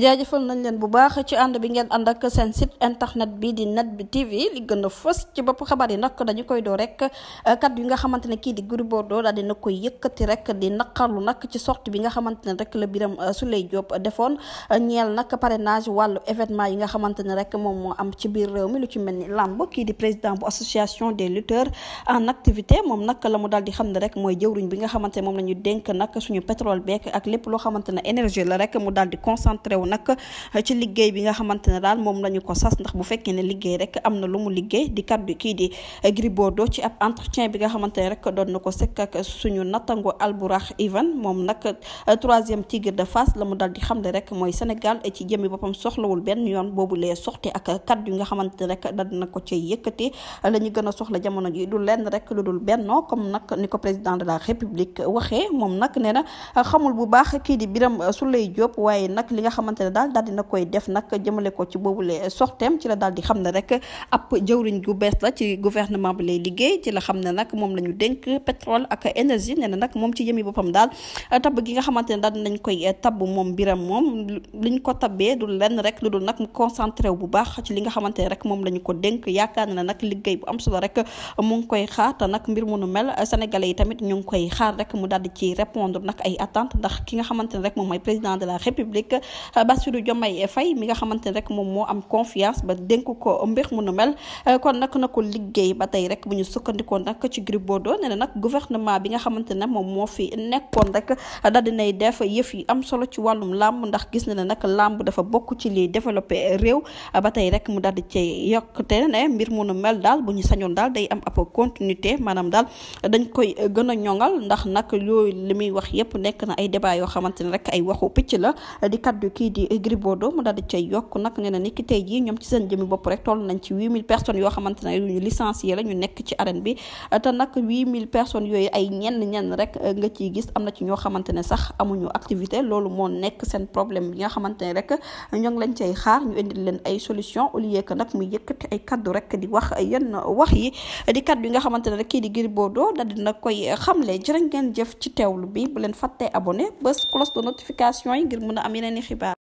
jaajëfal nañ leen bu baax ci ànd bi ngeen ànd ak seen sit internet bi di net bi tv li gën a ci bopp xabar yi nag dañu koy doo rek eh, kaddu yi nga xamante ne kii di Gris Bordeaux daal dina koy yëkkati rek di naqarlu nag ci sortie bi nga xamante ne rek la Birame eh, Souleye Diop defoon eh, ñeel nag parrainage wall événement yi nga xamante ne rek moom moo am ci biir réew mi lu ci mel ni làmb kii di président bu association des lutteurs en activité moom nag la mu daal di xam ne rek mooy jëwriñ bi nga xamante ne moom la ñu dénk nag suñu pétrole beek ak lépp loo xamante ne énergie la mu daal di concentré ñëw eh, ci liggéey bi nga xamante ne daal moom la ko sas ndax bu fekkee ne liggéey rek am na lu mu liggéey di kaddu kii di eh, Gris Bordeaux ci ab entretien bi nga xamante ne rek doon na ko sekk ak suñu nattango Albourakh Ivan moom nag eh, troisième tigre de Fass la mu dal di xamle rek mooy Sénégal ci jëmi boppam soxlawul benn yoon boobu lee soxti ak kaddu yi nga xamante ne rek dal na ko ci yëkkati la ñu gën soxla jamono ji du lenn rek lu dul bennoo comme nag ni ko président de la république waxee moom nag nee na xamul bu baax kii di Birame Souleye Diop waaye nag li nga xamante xamante ne daal daal dina koy def nag jëmale ko ci boobule sorteem ci la daal xam ne rek ab jëwriñ gu bees la ci gouvernement bi lay liggéey ci la xam ne nag moom la ñu dénk pétrole ak énergie nee na moom ci jëmi boppam daal tabb gi nga xamante ne daal dinañ koy tabb moom biram moom liñ ko tabbee du lenn rek lu dul nag mu concentré wu bu baax ci li nga xamante ne rek moom la ñu ko dénk yaakaar na nag liggéey bu am solo rek mu koy xaar te nag mbir mu nu mel sénégalais yi tamit ñu ngi koy xaar rek mu daal di ci répondre nag ay attentes ndax ki nga xamante ne rek moom mooy président de Bassirou Diomaye Faye mi nga xamante ne rek moom moo am confiance ba dénk ko mbir mu nu mel eh, kon nag na ko liggéey ba tey rek bu ñu sukkandikoo nag ci Gris Bordeaux nee na nag bi nga xamante ne moom moo fi nekkoon rek daal dinay def yëf yi am solo ci wàllum làmb ndax gis na ne nag làmb dafa bokk ci liy développé réew ba tey rek mu daal di cee yokkute ne mbir mu mel daal bu ñu sañoon daal day am ab continuité maanaam daal dañ koy gën a ñoŋal ndax nag yooyu li muy wax yëpp nekk na ay débat yoo xamante ne rek ay waxu picc la di kaddu ki kii di Gris Bordeaux mu daal di cay yokk nag nee na tey jii ñoom ci seen jëmi bopp rek toll nañ ci 8000 personnes yoo xamante ne bi nga ciy gis ci ñoo ne sax amuñu activité loolu moo nekk seen problème bi nga xamante ne rek ñoo ngi lañ xaar ñu indil leen ay solution au lieu que nag muy yëkkati ay kaddu rek di wax yenn wax yi di kaddu yi nga xamante ne rek kii di Gris Bordeaux daal dina koy xamle jërë ngeen jëf ci teewlu bi bu leen fàttee abonné bés cloche de notification yi ngir mën a am yeneen xibaar